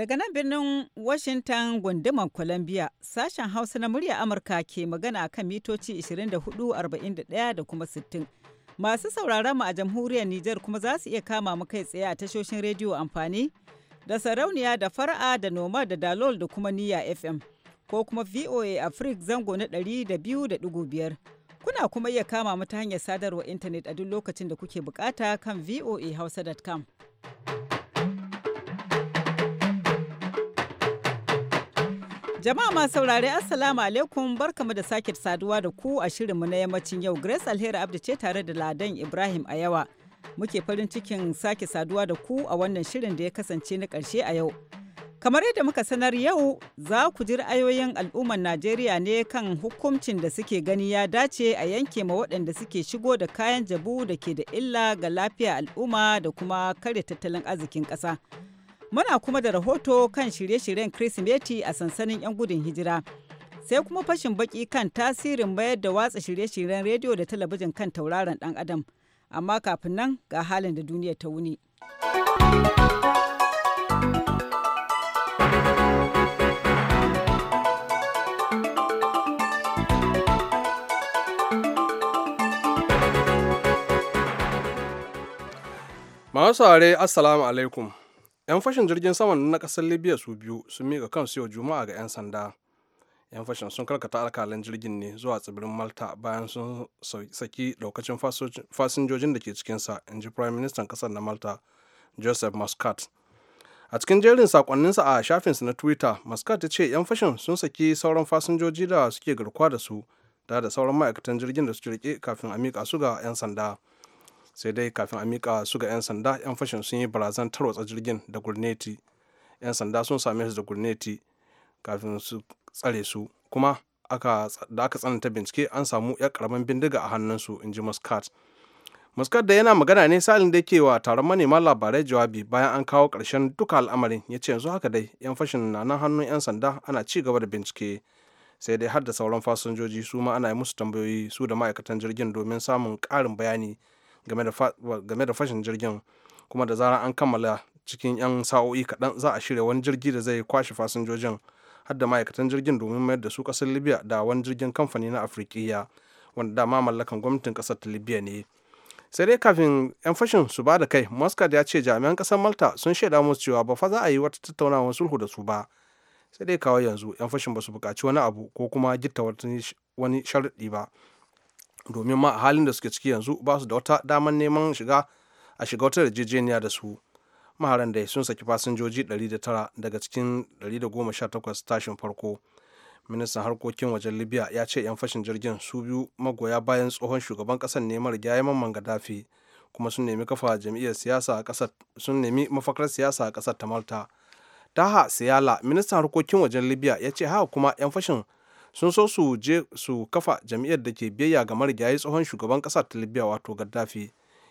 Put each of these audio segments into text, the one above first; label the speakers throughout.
Speaker 1: Daga nan birnin Washington gundumar Columbia, sashen Hausa na murya Amurka ke magana kan mitoci 24,41 da kuma 60. Masu sauraron mu a jamhuriyar Nijar kuma za su iya kama mu kai tsaye a tashoshin rediyo amfani da sarauniya da fara'a da noma da dalol da kuma niya FM ko kuma VOA Africa zango na 200.5. Kuna kuma iya kama mu ta hanyar sadarwa intanet a duk lokacin da kuke bukata kan voa hausa.com. Jama'a masu saurare Assalamu alaikum barkamu da sake saduwa da ku a shirin mu na yammacin yau Grace Alheri Abdu ce tare da Ladan Ibrahim a yawa. Muke farin cikin sake saduwa da ku a wannan shirin da ya kasance na karshe a yau. Kamar yadda muka sanar yau za ku ji ra'ayoyin al'ummar Najeriya ne kan hukuncin da suke gani ya dace a yanke ma waɗanda suke shigo da kayan jabu da ke da illa ga lafiya al'umma da kuma kare tattalin arzikin ƙasa. Muna kuma da rahoto kan shirye-shiryen Kirsimeti a sansanin 'yan gudun hijira. Sai kuma fashin baki kan tasirin mayar da watsa shirye-shiryen rediyo da talabijin kan tauraron ɗan adam. Amma kafin nan ga halin da duniya ta wuni.
Speaker 2: Masu saurare Assalamu alaikum. 'yan fashin jirgin saman na kasar libya su biyu sun mika kansu yau juma'a ga 'yan sanda 'yan fashin sun karkata alkalin jirgin ne zuwa tsibirin malta bayan sun saki daukacin fasinjojin da ke cikinsa in ji prime minister kasar na malta joseph muscat a cikin jerin sakonninsa a shafinsa na twitter muscat ta ce 'yan fashin sun saki sauran fasinjoji da suke garkuwa da su da da sauran ma'aikatan jirgin da suke rike kafin a mika su ga 'yan sanda sai dai kafin a mika su ga 'yan sanda 'yan fashin sun yi barazan tarwatsa jirgin da gurneti 'yan sanda sun same su da gurneti kafin su tsare su kuma da aka tsananta bincike an samu yan karamin bindiga a hannunsu in ji muscat muscat da yana magana ne salin da ke wa taron manema labarai jawabi bayan an kawo ƙarshen duka al'amarin ya ce yanzu haka dai 'yan fashin na nan hannun 'yan sanda ana ci gaba da bincike sai dai har da sauran fasinjoji su ma ana yi musu tambayoyi su da ma'aikatan jirgin domin samun ƙarin bayani game da fashin jirgin kuma da zarar an kammala cikin 'yan sa'o'i kaɗan za a shirya wani jirgi da zai kwashe fasinjojin har da ma'aikatan jirgin domin mayar da su kasar libya da wani jirgin kamfani na afirkiya wanda dama mallakan gwamnatin ƙasar ta libya ne sai dai kafin 'yan fashin su ba da kai muscat ya ce jami'an ƙasar malta sun shaida musu cewa ba fa za a yi wata tattaunawar sulhu da su ba sai dai kawai yanzu 'yan fashin ba su buƙaci wani abu ko kuma gitta wani sharaɗi ba domin ma a halin da suke ciki yanzu ba su da wata daman neman shiga a shiga wata yarjejeniya da su maharan da sun saki fasinjoji 109 daga cikin 118 tashin farko ministan harkokin wajen libya ya ce 'yan fashin jirgin su biyu magoya bayan tsohon shugaban kasar ne rigyayen man gaddafi kuma sun nemi kafa jam'iyyar siyasa a kasar sun nemi mafakar siyasa a kasar ta malta taha siyala ministan harkokin wajen libya ya ce haka kuma 'yan fashin sun so su je su kafa jam'iyyar da ke biyayya ga marigayi tsohon shugaban kasar ta libya wato gaddafi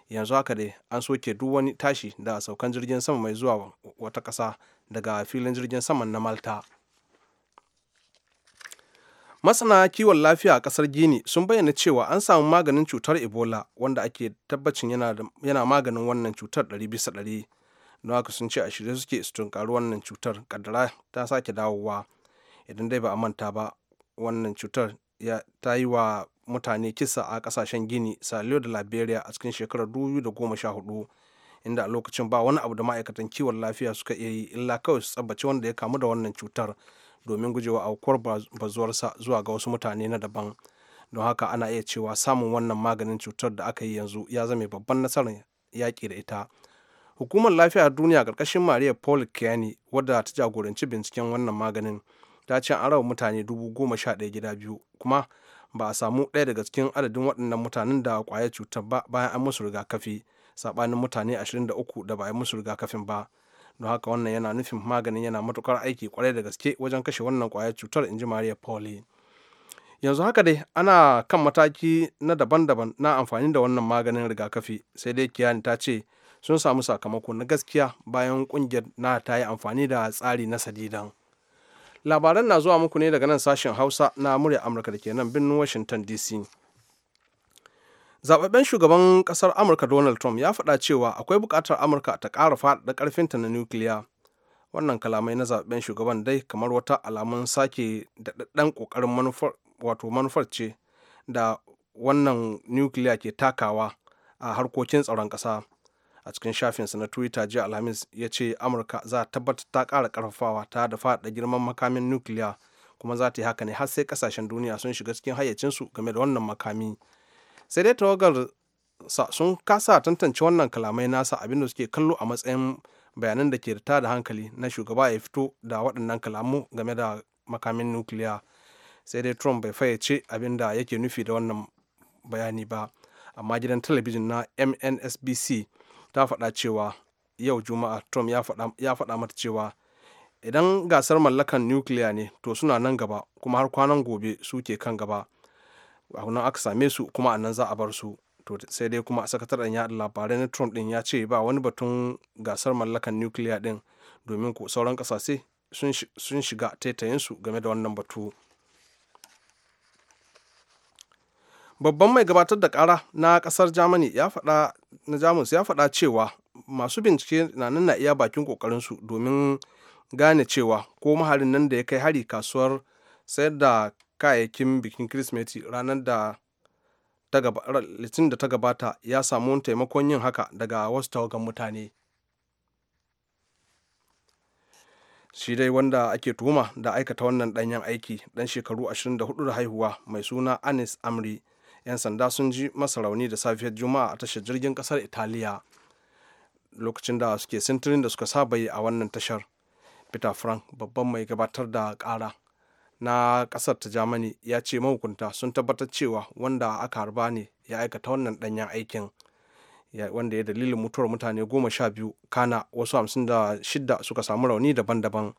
Speaker 2: yanzu haka dai an soke duk wani tashi da saukan jirgin sama mai zuwa wata ƙasa daga filin jirgin saman na malta masana kiwon lafiya a kasar gini sun bayyana cewa an samu maganin cutar ebola wanda ake tabbacin yana, maganin wannan cutar 100 bisa 100 don haka sun ce a shirye suke su tunkari wannan cutar kaddara ta sake dawowa idan dai ba a manta ba wannan cutar ta yi wa mutane kisa a kasashen gini saliyo da liberia a cikin shekarar 2014 inda a lokacin ba wani abu da ma'aikatan kiwon lafiya suka iya yi illa kawai su tsabbace wanda ya kamu da wannan cutar domin gujewa aukuwar bazuwarsa zuwa ga wasu mutane na daban don haka ana iya cewa samun wannan maganin cutar da aka yi yanzu ya zame babban nasarar yaƙi da ita hukumar lafiya duniya ƙarƙashin maria paul kiani wadda ta jagoranci binciken wannan maganin ta ce an raba mutane dubu goma sha ɗaya gida biyu kuma ba a samu ɗaya daga cikin adadin waɗannan mutanen da ƙwaya cutar ba bayan an musu rigakafi saɓanin mutane 23 da uku da ba a musu rigakafin ba don haka wannan yana nufin maganin yana matukar aiki kwarai da gaske wajen kashe wannan ƙwayar cutar inji maria pauli yanzu haka dai ana kan mataki na daban-daban na amfani da wannan maganin rigakafi sai dai kiyani ta ce sun samu sakamako na gaskiya bayan kungiyar na ta yi amfani da tsari na sadidan labaran na zuwa muku ne daga nan sashen hausa na murya amurka da ke nan birnin washington dc zababben shugaban kasar amurka donald trump ya faɗa cewa akwai buƙatar amurka ta ƙara faɗaɗa ƙarfinta na nukiliya wannan kalamai na zababben shugaban dai kamar wata alamun sake daɗaɗɗen ƙoƙarin manufar wato manufar ce da wannan nukiliya ke takawa a harkokin tsaron ƙasa a cikin shafinsa na twitter jiya alhamis ya ce amurka za ta tabbatar ta kara karfafawa ta da faɗa girman makamin nukiliya kuma za ta yi haka ne har sai kasashen duniya sun shiga cikin hayyacinsu game da wannan makami sai dai tawagar sun kasa tantance wannan kalamai nasa abinda suke kallo a matsayin bayanan da ke rita da hankali na shugaba ya fito da waɗannan kalamu game da makamin nukiliya sai dai trump bai fayyace abin da yake nufi da wannan bayani ba amma gidan talabijin na mnsbc ta faɗa cewa yau juma'a trump ya faɗa mata cewa idan gasar mallakan nukiliya ne to suna nan gaba kuma har kwanan gobe suke kan gaba a nan aka same su kuma a nan za a bar su to sai dai kuma sakataren yaɗa labarai na trump din ya ce ba wani batun gasar mallakan nukiliya din domin ko sauran kasashe sun shiga taitayinsu game da wannan batu. babban mai gabatar da kara na kasar germany ya faɗa na jamus ya faɗa cewa masu bincike na nan na iya bakin kokarinsu domin gane cewa ko maharin nan da ya kai hari kasuwar sayar da kayayyakin bikin kirismeti ranar da litin da ta gabata ya samu taimakon yin haka daga wasu tawagan mutane shi dai wanda ake tuhuma da aikata wannan danyen aiki dan shekaru 24 da haihuwa mai suna anis amri 'yan sanda sun ji masa rauni da safiyar juma'a a tashar jirgin kasar italiya lokacin da suke sintirin da suka saba yi a wannan tashar peter frank babban mai gabatar da kara na kasar ta germany ya ce mahukunta sun tabbatar cewa wanda aka harba ne ya aikata wannan danyen aikin wanda ya dalilin mutuwar mutane goma sha biyu kana wasu hamsin da shida suka samu rauni daban-daban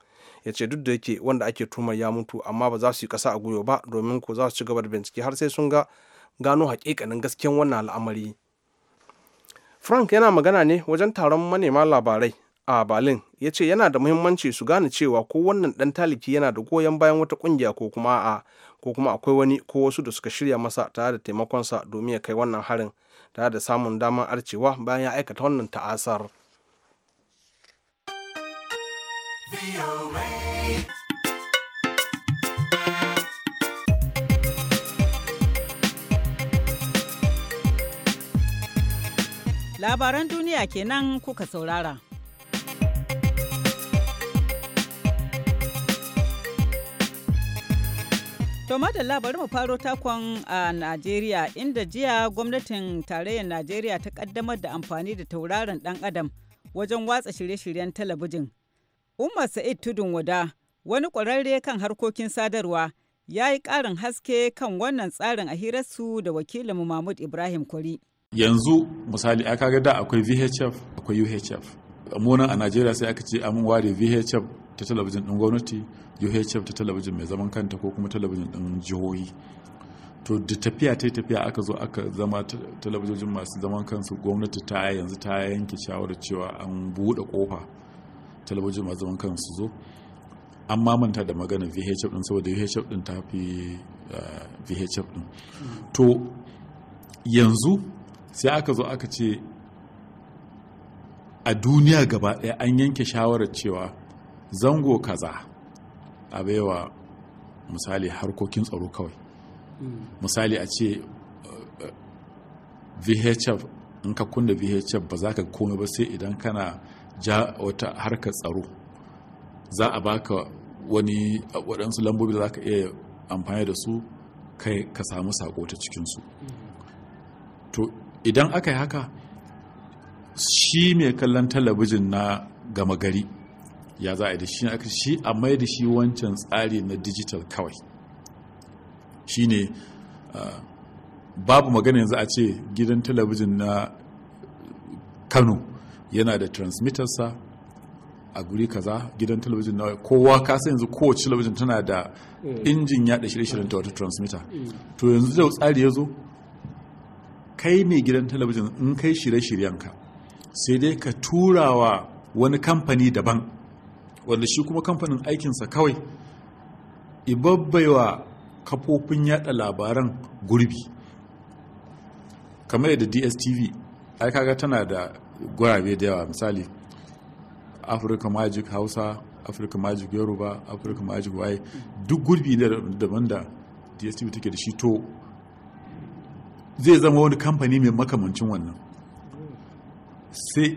Speaker 2: ya ce duk da yake wanda ake tumar ya mutu amma ba za su yi kasa a guyo ba domin ko za su ci gaba da bincike har sai sun ga gano hakikanin gaskiyan wannan al'amari frank yana magana ne wajen taron manema labarai a berlin ya ce yana da muhimmanci su gane cewa ko wannan dan taliki yana da goyon bayan wata kungiya ko kuma a ko kuma akwai wani ko wasu da suka shirya masa tare da taimakonsa domin ya kai wannan harin tare da samun damar arcewa bayan ya aikata wannan ta'asar.
Speaker 1: Labaran duniya kenan kuka saurara. To labarin bari mu faro takon a Najeriya inda jiya gwamnatin tarayyar Najeriya ta kaddamar da amfani da tauraron dan adam wajen watsa shirye-shiryen talabijin. Umar Sa'id Tudun Wada wani ƙwararre kan harkokin sadarwa ya yi ƙarin haske kan wannan tsarin a hirarsu da wakilin Mahmud Ibrahim Kwari.
Speaker 3: yanzu misali aka ga da akwai vhf akwai uhf munan a najeriya sai aka ce an ware vhf ta talabijin din gwamnati uhf ta talabijin mai zaman kanta ko kuma talabijin din jihohi to da tafiya ta tafiya aka zo aka zama talabijin masu zaman kansu gwamnati ta yanzu ta yanke shawarar cewa an buɗe kofa talabijin masu zaman kansu zo an mamanta da magana vhf din saboda vhf din ta fi eh, vhf din to yanzu sai aka zo aka ce a duniya gaba ɗaya an yanke shawarar cewa zango kaza a baiwa misali harkokin tsaro kawai misali a ce eh, vhf in ka kunda vhf ba za ka komai ba sai idan kana ja wata harkar tsaro za a baka wani waɗansu lambobi da za ka iya amfani da su kai ka samu sako ta cikinsu to idan aka yi haka shi mai kallon talabijin na gama gari ya za a yi da shi aka shi a mai da shi wancan tsari na digital kawai shi ne ah, babu magana yanzu a ce gidan talabijin na kano yana da transmittersa a guri kaza gidan talabijin na kowa kasa yanzu kowace talabijin tana da mm. injin yada shirye-shiryen ta wata transmitter mm. to yanzu da tsari ya zo kai mai gidan talabijin in kai shirye-shiryenka sai dai ka tura wa wani kamfani daban wanda shi kuma kamfanin aikinsa kawai ibabbaiwa kafofin yada labaran gurbi kamar yadda dstv ai kaga tana da gurabe da yawa misali africa magic hausa africa magic yoruba africa magic waye duk gurbi daban da dstv take da shi to zai zama wani kamfani mai makamancin wannan sai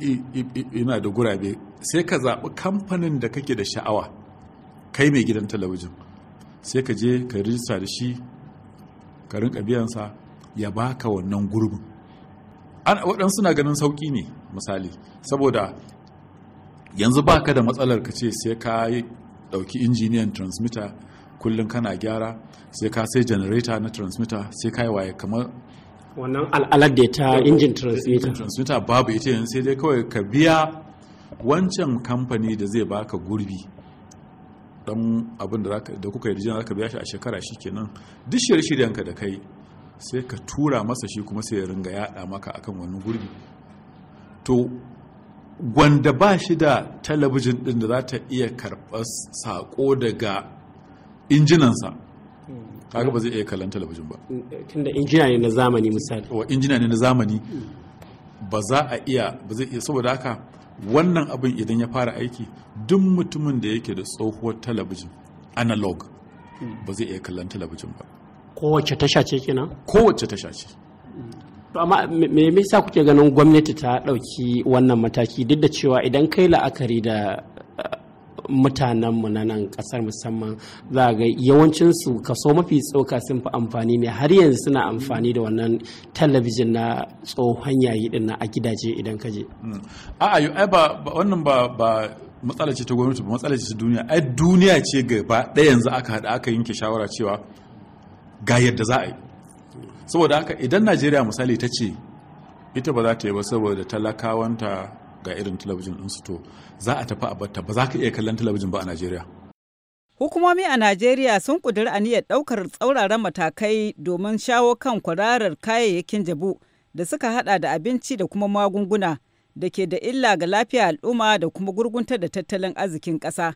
Speaker 3: ina da gurabe sai ka zaɓi kamfanin da kake da sha'awa kai mai gidan talabijin sai ka je ka rijista da shi ka rinka biyansa ya baka wannan gurbin waɗan na ganin sauƙi ne misali saboda yanzu baka da matsalar ka ce sai ka ɗauki injiniyan transmitter kullum kana gyara sai ka sai janareta na transmitter sai ka yi waye kamar
Speaker 4: wannan al'alar da ta injin transmitter
Speaker 3: babu ita yanzu sai dai kawai ka biya wancan kamfani da zai baka gurbi don abin da kuka yi rijiyar ka biya shi a shekara shi nan. duk shirye-shiryenka da kai sai ka tura masa shi kuma sai ya ringa yada maka akan wani gurbi to gwanda ba shi da talabijin din da za ta iya karɓar saƙo daga injinansa kaga ba zai iya kallon talabijin ba tunda injina ne na zamani misali wa injina ne na zamani ba za a iya ba zai iya saboda haka wannan abin idan ya fara aiki duk mutumin da yake da tsohuwar talabijin analog ba zai iya kallon talabijin ba kowace tasha ce kenan kowace tasha ce
Speaker 4: amma me yasa kuke ganin gwamnati ta ɗauki wannan mataki duk da cewa idan kai la'akari da mutanenmu na nan kasar musamman za ga yawancinsu kaso mafi tsoka sun fi amfani ne har yanzu suna amfani da wannan talabijin
Speaker 3: na tsohon yayi din a gidaje idan ka je hmm. a'a ai ba wannan ba ba matsala ce ta gwamnati ba matsala ce ta duniya ai duniya ce gaba ɗaya yanzu aka haɗa aka yanke shawara cewa ga yadda za a yi saboda haka idan najeriya misali ta ce ita ba za ta yi ba saboda talakawanta ga irin talabijin ɗinsu to za a tafi a ba za ka iya kallon talabijin ba a najeriya
Speaker 1: Hukumomi a Najeriya sun ƙudiri aniyar ɗaukar tsauraran matakai domin shawo kan kwararar kayayyakin jabu da suka hada da abinci da kuma magunguna da ke da illa ga lafiya al'umma da kuma gurgunta da tattalin arzikin ƙasa.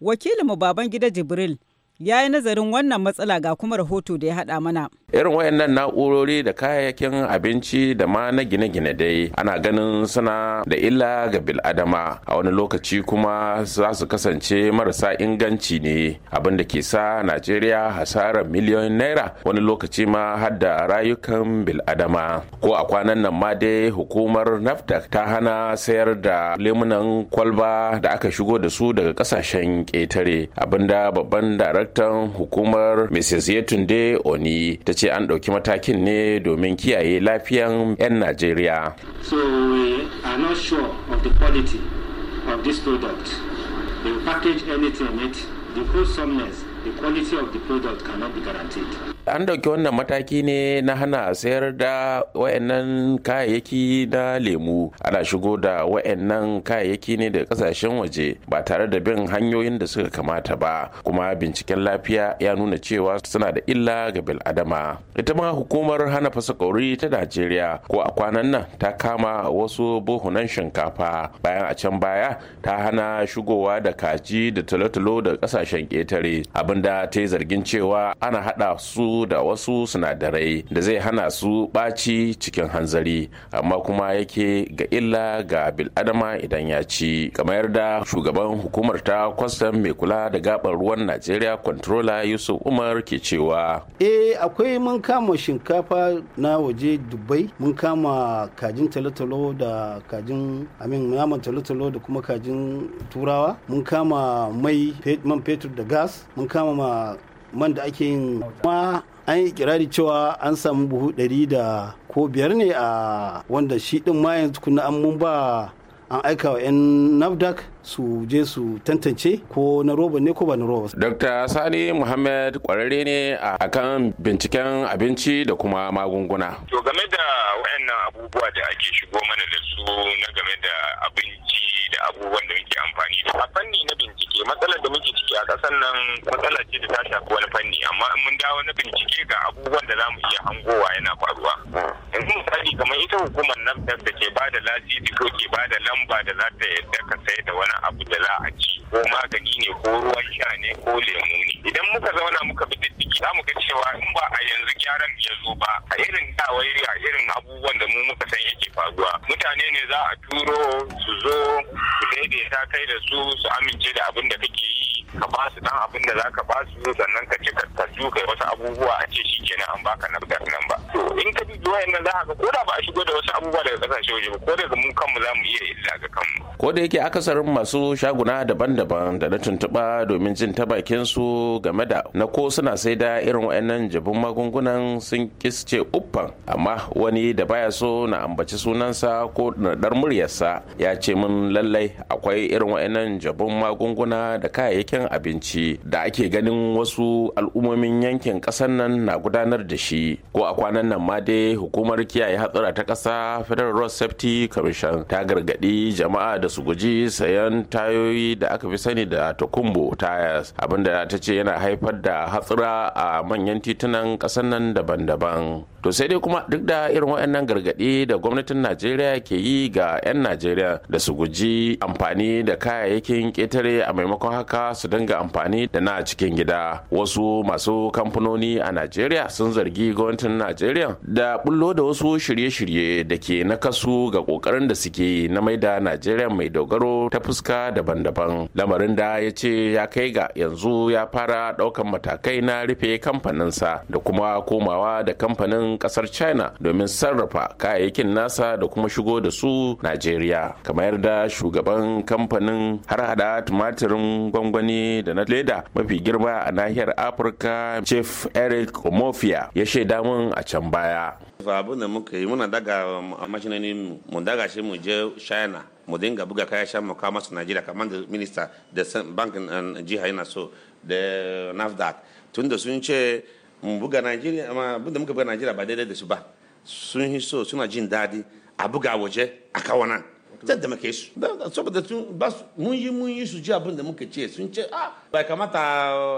Speaker 1: Wakilinmu gida Jibril ya yi nazarin wannan matsala ga kuma rahoto da ya haɗa mana.
Speaker 4: Irin wayannan na'urori da kayayyakin abinci da ma na gine-gine dai ana ganin suna da illa ga bil'adama a wani lokaci kuma za su kasance marasa inganci ne abin da ke sa Najeriya hasarar miliyoyin naira wani lokaci ma har rayukan bil'adama. Ko a kwanan nan ma dai hukumar NAFTA ta hana sayar da lemunan kwalba da aka shigo da su daga kasashen ƙetare abinda babban darakta daraktan hukumar mrs yetunde oni ta ce an ɗauki matakin ne domin kiyaye lafiyan 'yan najeriya so we are not sure of the quality of this product the package anything in it the wholesomeness the quality of the product cannot be guaranteed an dauki wannan mataki ne na hana sayar da wayannan kayayyaki na lemu ana shigo da wayannan kayayyaki ne da kasashen waje ba tare da bin hanyoyin da suka kamata ba kuma binciken lafiya ya nuna cewa suna da illa ga bil'adama ita ma hukumar hana fasakori ta najeriya ko a kwanan nan ta kama wasu buhunan shinkafa bayan a can baya ta hana shigowa da kaji da talotalo da kasashen ketare abinda ta yi zargin cewa ana hada su da wasu sinadarai da zai hana su ɓaci cikin hanzari amma kuma yake ga illa ga biladama idan ya ci kamar da shugaban hukumar ta kwastam mai kula da gabar ruwan najeriya controller yusuf umar ke cewa
Speaker 2: eh akwai mun kama shinkafa na waje dubai mun kama kajin talotalo da kajin amin naman talotalo da kuma kajin turawa mun kama mai man fetur da gas mun kama ma man
Speaker 4: da ake yin ma an yi kirari cewa an samu buhu ɗari da ko biyar ne
Speaker 2: a wanda shi ɗin ma yanzu kuna an mun ba an aika wa 'yan nafdak su je su tantance ko na roba ne ko ba na roba.
Speaker 4: Dr. Sani Muhammad kwararre ne a kan binciken abinci da kuma magunguna. To game da
Speaker 5: wayannan abubuwa da ake shigo mana da su na game da abinci
Speaker 4: da abubuwan da muke amfani da a fanni na bincike matsalar da muke ciki a ƙasar nan matsala ce da ta shafi wani fanni amma in mun dawo na bincike ga abubuwan da za mu iya hangowa yana faruwa. In misali kamar ita hukumar nan da ke ba da lasisi ko ke ba da lamba da za ta yadda ka sai da wani wani abu da za a ci ko magani ne ko ruwan sha ne ko lemu ne idan muka zauna muka bi
Speaker 5: diddigi za mu ga cewa in ba a yanzu gyaran ya zo ba a irin dawairi a irin abubuwan da mu muka san yake faruwa mutane ne za a turo su zo su daidaita kai da su su amince da abin da kake yi ka ba su dan abin da za ka ba su sannan ka ci ka
Speaker 4: kai wasu abubuwa a ce shi kenan an baka na nan ba to in ka bi wayannan za ka ga
Speaker 5: ko da abubuwa daga kasashe waje ko daga mun kanmu za mu iya illa ga
Speaker 4: kanmu ko da yake akasarin masu shaguna daban-daban da na tuntuɓa domin jin ta bakin su game da na ko suna sai da irin wayannan jabin magungunan sun kisce uffan amma wani da baya so na ambaci sunansa ko nadar muryarsa ya ce min lallai akwai irin wayannan jabin magunguna da kayayyakin abinci da ake ganin wasu al'ummomin yankin ƙasar nan na gudanar da shi ko a kwanan nan ma dai hukumar kiyaye hatsara ta ƙasa federal road safety commission ta gargadi jama'a da su guji sayan tayoyi da aka fi sani da tokumbo tires abinda ta ce yana haifar da hatsura a manyan titunan ƙasar nan daban-daban to sai dai kuma duk da irin waɗannan gargaɗi da gwamnatin najeriya ke yi ga 'yan najeriya da su guji amfani da kayayyakin ƙetare a maimakon haka su dinga amfani da na cikin gida wasu masu kamfanoni a najeriya sun zargi gwamnatin najeriya da bullo da wasu shirye-shirye da ke na kasu ga kokarin da suke yi na maida najeriya mai dogaro ta fuska daban-daban lamarin da ya ce ya kai ga yanzu ya fara daukan matakai na rufe kamfaninsa da kuma komawa da kamfanin kasar china domin sarrafa kayayyakin nasa da kuma shigo da su najeriya kamar da shugaban kamfanin har hada tumatirin gwangwani da na leda mafi girma a nahiyar afirka chief eric omofia ya shaida mun a can baya fa abu da muka yi muna daga um, mashinanin mu daga shi mu je china mu dinga buga kaya shan mu kawo masu najeriya kamar da minista da bank um, jiha yana so da nafdac tun da sun ce mu buga najeriya abu da muka buga najeriya ba daidai da su ba sun yi so suna jin daɗi a buga waje a kawo nan ta taimake su saboda sun ba su mun yi mun yi su ji abin da muka ce e, sun ce ah bai kamata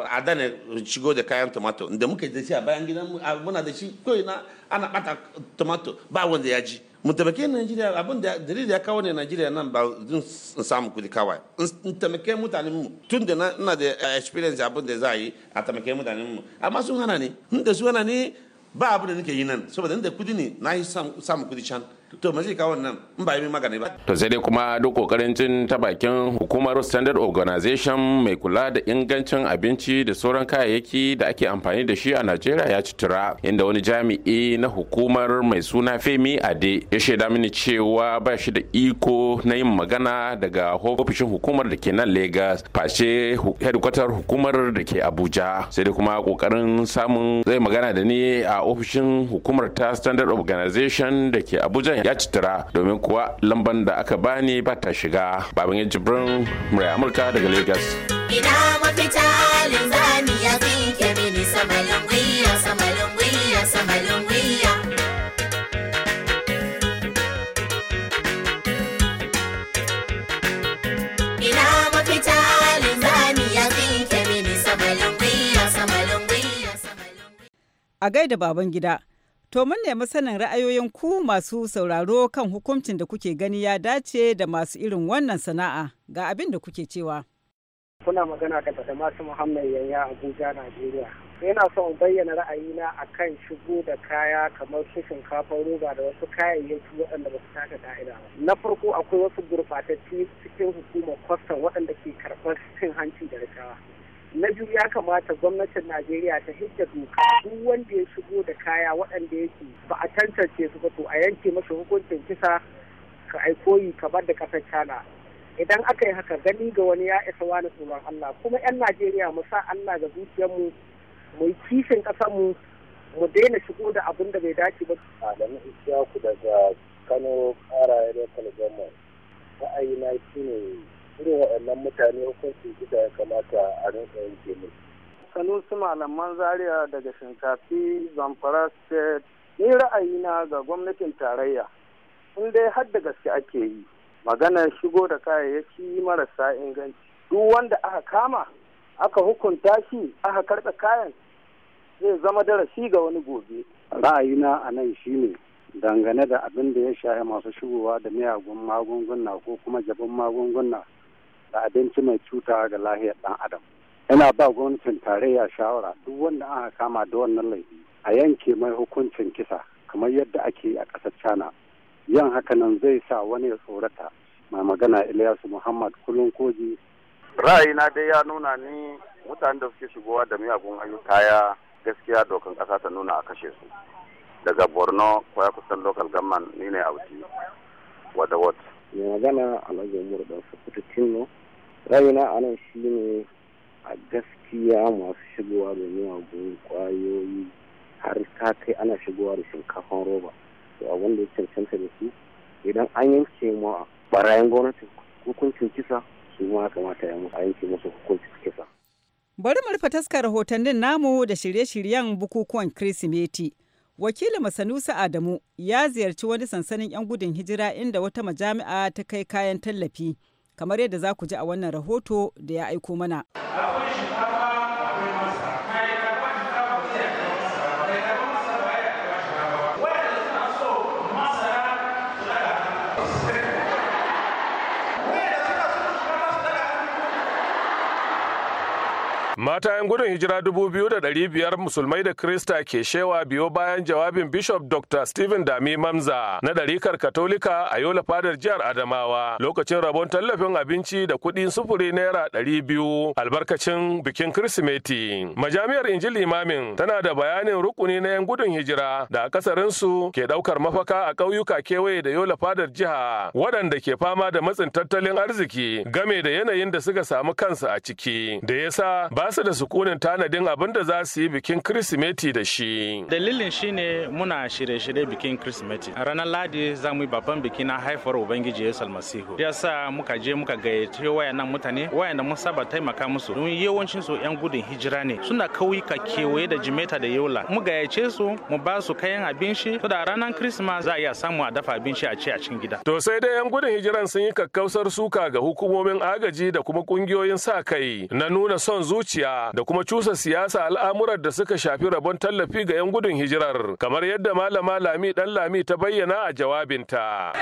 Speaker 4: a dana shigo da kayan tomato da muka da shi a bayan gidan muna da shi ko na ana bata tomato ba wanda ya ji mu taimake Najeriya abin da dalilin ya kawo ne Najeriya nan ba zan samu kudi kawai mun taimake mutanen mu tun da ina da experience abin da za a yi a taimake mutanen mu amma sun hana ne Mun da su hana ne ba abin da nake yi nan saboda inda kudi ne na yi samu kudi can to ma zai kawo nan in ba yi magana ba to sai dai kuma duk kokarin jin ta bakin hukumar standard organization mai kula da ingancin abinci da sauran kayayyaki da ake amfani da shi a Najeriya ya ci tura inda wani jami'i na hukumar mai suna Femi Ade ya shaida mini cewa ba shi da iko na yin magana daga ofishin hukumar da ke nan Lagos face hedkwatar hukumar da ke Abuja sai dai kuma kokarin samun zai magana da ni a ofishin hukumar ta standard organization da ke Abuja ya citira domin kuwa lamban da aka bani ba ta shiga baban ya jibrin murai amurka daga lagos
Speaker 1: ina mafita linzami ya zinke mini samalin gwiya samalin gwiya samalin gwiya ina mafita linzami ya zinke mini samalin gwiya samalin gwiya a gaida baban gida To mun nemi sanin ra'ayoyin ku masu sauraro kan hukuncin da kuke gani ya dace da masu irin wannan sana'a ga abin da kuke cewa.
Speaker 4: Kuna magana da da masu Muhammad Yanya Abuja, Najeriya. Yana son bayyana ra'ayina a kan shigo da kaya kamar su shinkafar roba da wasu kayayyaki waɗanda ba su taka da'ida ba. Na farko akwai wasu gurɓatattu cikin hukumar kwastam waɗanda ke karɓar cin hanci da rashawa. na biyu ya kamata gwamnatin najeriya ta
Speaker 1: hijja doka duk wanda ya shigo da kaya waɗanda yake ba a tantance su ba to a yanke masa hukuncin kisa ka aiko aikoyi kamar da ƙasar china idan aka yi haka
Speaker 4: gani ga wani ya isa wani tsoron allah kuma 'yan najeriya mu sa allah ga zuciyarmu mu yi
Speaker 1: kishin ƙasarmu
Speaker 4: mu daina shigo da abin da bai dace ba. Malamin Isiyaku daga Kano ƙara ya rokar gama ra'ayina shi ne irin waɗannan mutane hukunci gida ya kamata a rinka yanke sanu su malaman zaria daga shinkafi zamfara state ni na ga gwamnatin tarayya in dai har da gaske ake yi maganar shigo da kayayyaki marasa inganci duk wanda aka kama aka hukunta shi aka karɓe kayan zai zama darasi ga wani gobe Ra'ayi na a nan shine dangane da abin da ya shaye masu shigowa da miyagun magunguna ko kuma jabin magunguna da abinci mai cuta ga lahiyar dan adam yana ba gwamnatin tarayya shawara duk wanda aka kama da wannan laifi a yanke mai hukuncin kisa kamar yadda ake a ƙasar cana yan hakanan zai sa wani ya tsorata
Speaker 2: mai magana ilyasu
Speaker 4: muhammad kulun koji ra'ayina dai ya nuna ni mutanen da suke shigowa da miyagun ayyuka ya gaskiya dokan ƙasa ta nuna a kashe su daga borno kwaya kusan local government ni ne auti wada wat
Speaker 1: mai magana alhaji umar dan fitattun
Speaker 4: rayuna a nan shi ne a gaskiya masu shigowa da miyagun kwayoyi har ta kai ana shigowa da shinkafan roba to a wanda ya cancanta da su idan an yanke ma barayin gwamnati hukuncin kisa su ma kamata ya musu a yanke musu hukuncin kisa.
Speaker 1: Bari mu rufe taskar rahotannin namu da shirye-shiryen bukukuwan Kirsimeti. Wakilin masanusa Adamu ya ziyarci wani sansanin 'yan gudun hijira inda wata majami'a ta kai kayan tallafi. kamar yadda za ku ji a wannan rahoto da ya aiko mana.
Speaker 5: Mata 'yan gudun hijira dubu biyu da biyar musulmai da Krista ke shewa biyo bayan jawabin Bishop Dr. Stephen Dami Mamza na ɗarikar Katolika a Yola Fadar Jihar Adamawa lokacin rabon tallafin abinci da kuɗin sufuri naira biyu, albarkacin bikin Kirsimeti. Majami'ar Injil Imamin tana da bayanin rukuni na 'yan gudun hijira da akasarinsu ke ɗaukar mafaka a ƙauyuka kewaye da Yola Fadar Jiha waɗanda ke fama da matsin tattalin arziki game da yanayin da suka samu kansu a ciki da yasa ba su da sukunin tanadin abin da za su yi bikin Kirsimeti da shi. Dalilin shi ne muna shirye-shirye bikin Kirsimeti. A ranar
Speaker 4: Ladi za mu yi babban biki na haifar Ubangiji Yesu Almasihu. Ya sa muka je muka gayyaci wayannan mutane wayanda mun saba taimaka musu don yawancin su 'yan gudun hijira ne. Suna kauyuka kewaye da Jimeta da Yola. Mu gayyace su mu ba su kayan abinci to da ranar Kirsimas za a iya samu a dafa abinci a ci a cikin gida.
Speaker 5: To sai dai 'yan gudun hijiran sun yi kakkausar suka ga hukumomin agaji da kuma kungiyoyin sa kai na nuna son zuci zuciya da kuma cusa siyasa al'amurar da suka shafi rabon tallafi ga 'yan gudun hijirar kamar yadda malama lami dan lami ta bayyana a jawabinta.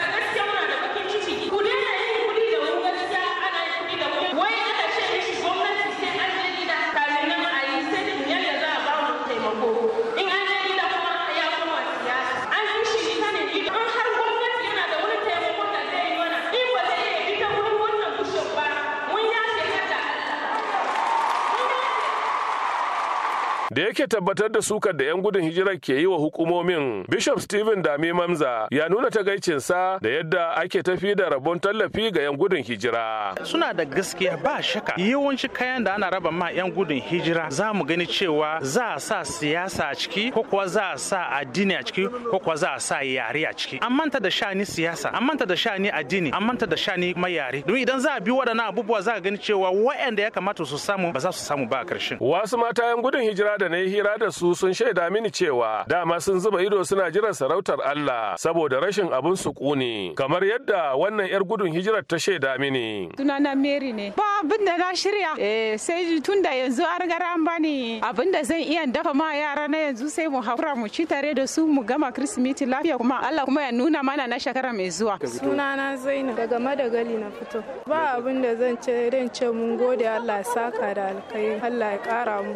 Speaker 5: da yake tabbatar da sukar da 'yan gudun hijirar ke yi wa hukumomin bishop stephen dami mamza ya nuna tagaicinsa da yadda ake tafi da rabon tallafi ga 'yan gudun hijira
Speaker 4: suna da gaskiya ba shaka yawanci kayan da ana raba ma 'yan gudun hijira za mu gani cewa za a sa siyasa a ciki ko kuwa za a sa addini a ciki ko kuwa za a sa yare a ciki an manta da shani siyasa an manta da shani addini an manta da shani kuma yare don idan za a bi waɗannan abubuwa za a gani cewa
Speaker 5: waɗanda ya kamata
Speaker 4: su samu ba za su samu ba a ƙarshen
Speaker 5: wasu mata 'yan gudun hijira da na yi hira da su sun shaida mini cewa dama sun zuba ido suna jiran sarautar Allah saboda rashin abin kuni kamar yadda wannan yar gudun hijirar ta shaida mini.
Speaker 1: Sunana Mary ne. Ba abin da na shirya. Eh sai tun da yanzu an gara an bani abin da zan iya dafa ma yara na yanzu sai mu haura mu ci tare da su mu gama Kirsimeti lafiya kuma Allah kuma ya nuna mana na shekara mai zuwa. Sunana Zainab daga Madagali na fito. Ba abin da zan ce ran ce mun gode Allah saka da alkai Allah ya kara mu.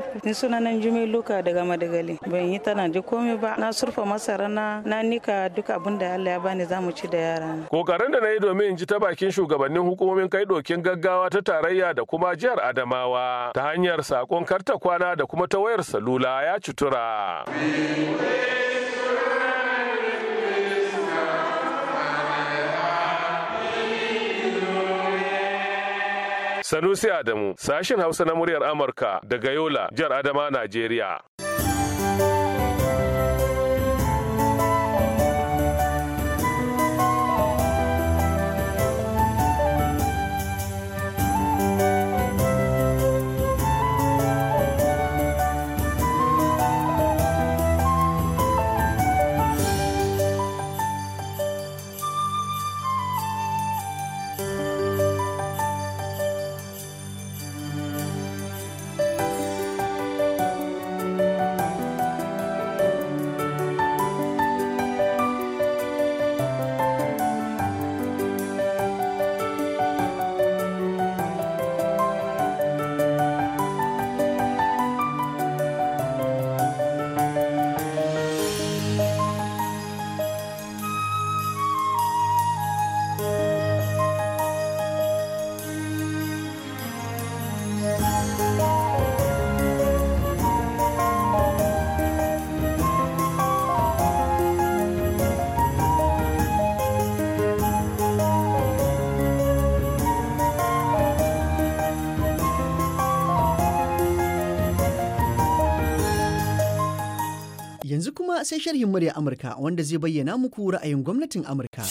Speaker 1: Jimi Luka daga Madagali. Ban yi tana ji komai ba. Na surfa masara na na nika duk abin da Allah ya bani zamu ci da yara.
Speaker 5: Kokarin da na yi domin in ji ta bakin shugabannin hukumomin kai dokin gaggawa ta tarayya da kuma jihar Adamawa ta hanyar sakon karta kwana da kuma ta wayar salula ya cutura. Sanusi Adamu, Sashen Hausa na muryar Amurka daga Yola, jihar Adama, Najeriya.
Speaker 6: kuma sai sharhin murya Amurka wanda zai bayyana muku ra'ayin gwamnatin Amurka.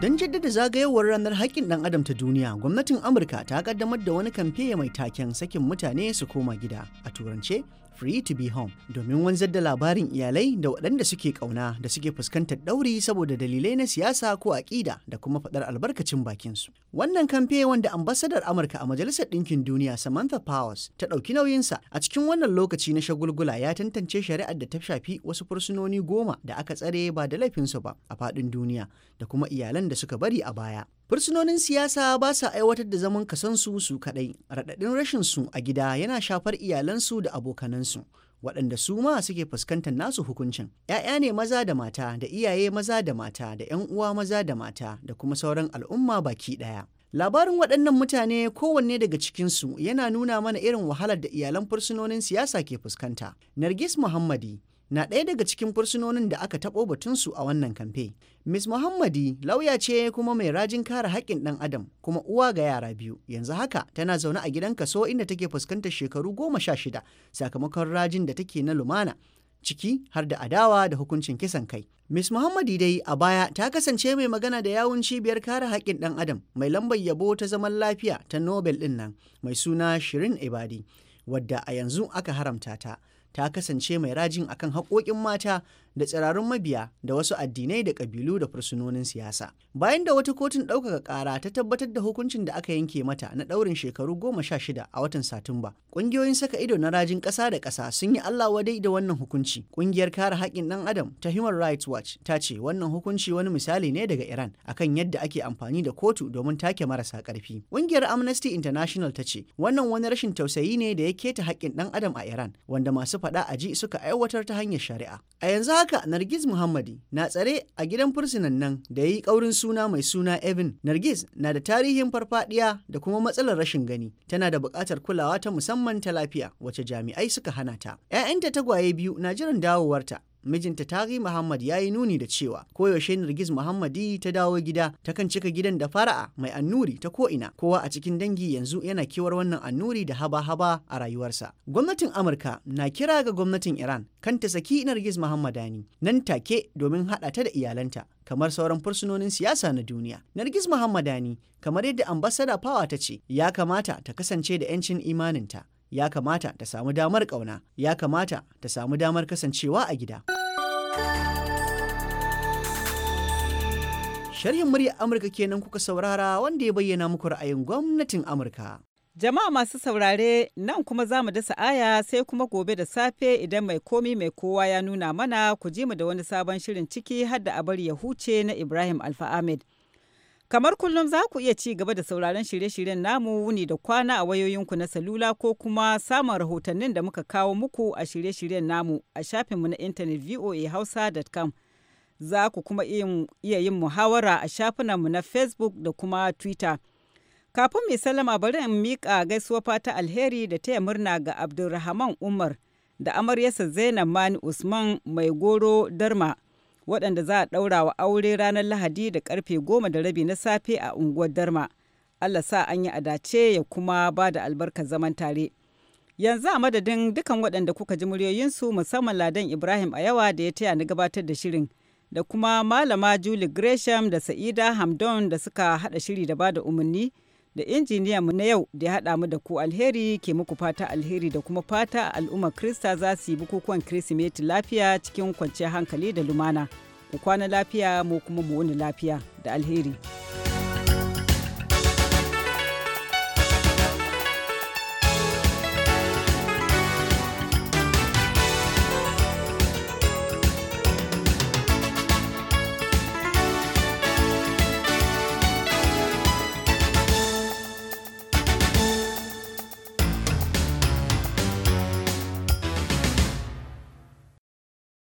Speaker 6: Don jaddada zagayowar ranar haƙƙin ɗan adam ta duniya, gwamnatin Amurka ta ƙaddamar da wani kamfe mai taken sakin mutane su koma gida a turance Free to be home domin wanzar da labarin iyalai da waɗanda suke ƙauna da suke fuskantar ɗauri saboda dalilai na siyasa ko aƙida da kuma faɗar albarkacin bakinsu. Wannan kamfe wanda ambasadar Amurka a Majalisar Ɗinkin Duniya Samantha Powers ta ɗauki nauyinsa a cikin wannan lokaci na shagulgula ya tantance shari'ar da ta shafi wasu fursunoni goma da aka tsare ba da laifinsu ba a faɗin duniya da kuma iyalan da suka bari a baya. Fursunonin siyasa ba sa aiwatar da zaman kasansu su kaɗai, raɗaɗin rashinsu a gida yana shafar iyalansu da abokanansu. waɗanda su ma suke fuskantar nasu hukuncin. ‘Ya'ya ne maza da mata, da iyaye maza da mata, da ‘yan uwa maza da mata, da kuma sauran al'umma baki ɗaya. Labarin waɗannan mutane kowanne daga cikinsu yana nuna mana irin wahalar da iyalan fursunonin siyasa ke fuskanta. Nargis Muhammadi, na ɗaya daga cikin fursunonin da aka taɓo batunsu a wannan kamfe. Ms. Muhammadi lauya ce kuma mai rajin kare haƙƙin ɗan adam kuma uwa ga yara biyu yanzu haka tana zaune a gidan kaso inda take fuskantar shekaru goma sha shida sakamakon rajin da take na lumana. ciki har da adawa da hukuncin kisan kai. Miss Muhammadi dai a baya ta kasance mai magana da yawun cibiyar kare haƙƙin ɗan adam mai lambar yabo ta zaman lafiya ta Nobel ɗin nan mai suna Shirin Ibadi wadda a yanzu aka haramta ta. ta kasance mai rajin akan haƙoƙin mata da tsirarun mabiya da wasu addinai da ƙabilu da fursunonin siyasa. Bayan da wata kotun ɗaukaka ƙara ta tabbatar da hukuncin da aka yanke mata na ɗaurin shekaru goma sha shida a watan Satumba, ƙungiyoyin saka ido na rajin ƙasa da ƙasa sun yi Allah wadai da wannan hukunci. Ƙungiyar kare haƙƙin ɗan adam ta Human Rights Watch ta ce wannan hukunci wani misali ne daga Iran akan yadda ake amfani da kotu domin take marasa ƙarfi. Ƙungiyar Amnesty International ta ce wannan wani rashin tausayi ne da ya keta haƙƙin ɗan adam a Iran wanda masu faɗa a ji suka aiwatar ta hanyar shari'a. A yanzu haka Nargis Muhammadi na tsare a gidan fursunan nan da ya yi ƙaurin suna mai suna Evin. nargiz na da tarihin farfadiya da kuma matsalar rashin gani. Tana da buƙatar kulawa ta musamman ta lafiya wacce jami'ai suka hana ta. 'Ya'yanta tagwaye biyu na jiran dawowarta mijinta tari muhammad ya yi nuni da cewa koyaushe nargiz muhammadi ta dawo gida ta kan cika gidan da fara'a mai annuri ta ko'ina kowa a cikin dangi yanzu yana kewar wannan annuri da haba-haba a rayuwarsa gwamnatin amurka na kira ga gwamnatin iran kan ta saki nargiz muhammadani nan take domin haɗa ta da iyalanta kamar sauran fursunonin siyasa na duniya. Nargiz Muhammadani, kamar yadda ambasada Fawa ta ce, ya kamata ta kasance da 'yancin imaninta, ya kamata ta samu damar ƙauna ya kamata ta samu damar kasancewa a gida. Sharhin murya Amurka kenan kuka saurara wanda ya bayyana muku ra'ayin gwamnatin Amurka. Jama'a masu
Speaker 1: saurare nan kuma za mu dasa aya sai kuma gobe da safe idan mai komi mai kowa ya nuna mana ku ji mu da wani sabon shirin ciki hadda a bari ya huce na Ibrahim Alfa Ahmed. Kamar kullum za ku iya ci gaba da sauraron shirye-shiryen namu wuni da kwana a wayoyinku na salula ko kuma samun rahotannin da muka kawo muku a shirye-shiryen namu a shafinmu na intanet voahausa.com. Za ku kuma iya yin muhawara a shafinanmu na Facebook da kuma Twitter. Kafin mai sallama bari in miƙa gaisuwa fata alheri da taya murna ga Abdulrahman Umar da amaryarsa Zainab Mani Usman mai goro Darma. waɗanda za a ɗaura wa aure ranar Lahadi da karfe goma da rabi na safe a unguwar Darma. Allah sa an yi adace ya kuma ba da albarkar zaman tare. Yanzu a madadin dukan waɗanda kuka ji muryoyinsu musamman Ladan Ibrahim a yawa da ya taya na gabatar da shirin da kuma Malama Julie Gresham da Sa'ida Hamdon da suka haɗa shiri da bada umarni. da injiniya mu na yau da ya haɗa mu da ku alheri ke muku fata alheri da kuma fata al'ummar Krista za su yi bukukuwan Kirsimeti lafiya cikin kwanciyar hankali da lumana. Ku kwana lafiya mu kuma mu wani lafiya da alheri.